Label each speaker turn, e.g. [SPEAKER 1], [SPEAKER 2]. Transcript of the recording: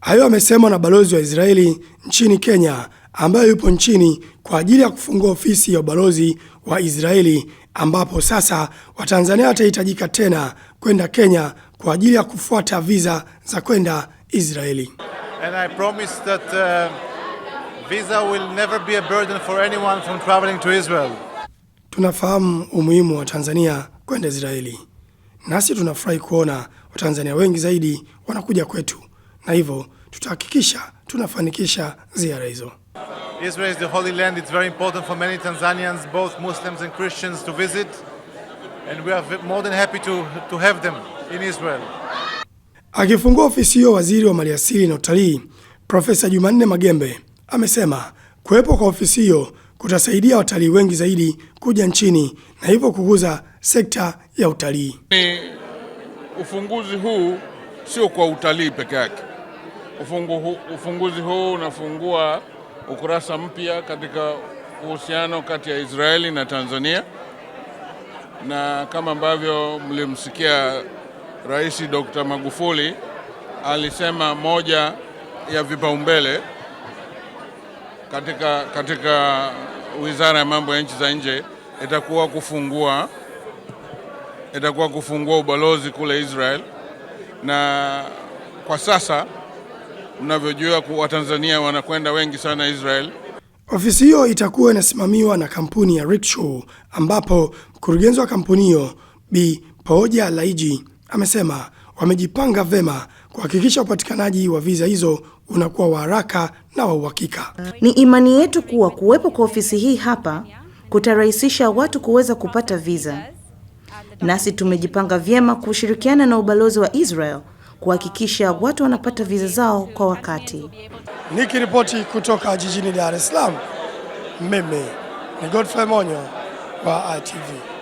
[SPEAKER 1] Hayo amesema na balozi wa Israeli nchini Kenya ambayo yupo nchini kwa ajili ya kufungua ofisi ya ubalozi wa Israeli ambapo sasa Watanzania watahitajika tena kwenda Kenya kwa ajili ya kufuata visa za kwenda Israeli.
[SPEAKER 2] And I promise that uh, visa will never be a burden for anyone from traveling to Israel.
[SPEAKER 1] Tunafahamu umuhimu wa Tanzania kwenda Israeli. Nasi tunafurahi kuona Watanzania wengi zaidi wanakuja kwetu na hivyo tutahakikisha tunafanikisha ziara hizo.
[SPEAKER 2] Israel is the holy land. It's very important for many Tanzanians, both Muslims and Christians to visit. And we are more than happy to, to have them in Israel.
[SPEAKER 1] Akifungua ofisi hiyo, waziri wa maliasili na utalii Profesa Jumanne Magembe amesema kuwepo kwa ofisi hiyo kutasaidia watalii wengi zaidi kuja nchini na hivyo kukuza sekta ya utalii.
[SPEAKER 3] Ufunguzi huu sio kwa utalii peke yake ufungu hu, ufunguzi huu unafungua ukurasa mpya katika uhusiano kati ya Israeli na Tanzania, na kama ambavyo mlimsikia Rais Dr. Magufuli alisema moja ya vipaumbele katika, katika Wizara ya Mambo ya Nchi za Nje itakuwa kufungua, itakuwa kufungua ubalozi kule Israel, na kwa sasa mnavyojua Tanzania wanakwenda wengi sana Israel.
[SPEAKER 1] Ofisi hiyo itakuwa inasimamiwa na kampuni ya Rickshaw, ambapo mkurugenzi wa kampuni hiyo Bi Pooja Laiji amesema wamejipanga vema kuhakikisha upatikanaji wa viza hizo unakuwa wa haraka na wa uhakika.
[SPEAKER 4] Ni imani yetu kuwa kuwepo kwa ofisi hii hapa kutarahisisha watu kuweza kupata viza, nasi tumejipanga vyema kushirikiana na ubalozi wa Israel kuhakikisha watu wanapata viza zao kwa wakati.
[SPEAKER 5] Nikiripoti kutoka jijini Dar es Salaam, mimi ni Godfrey Monyo wa ITV.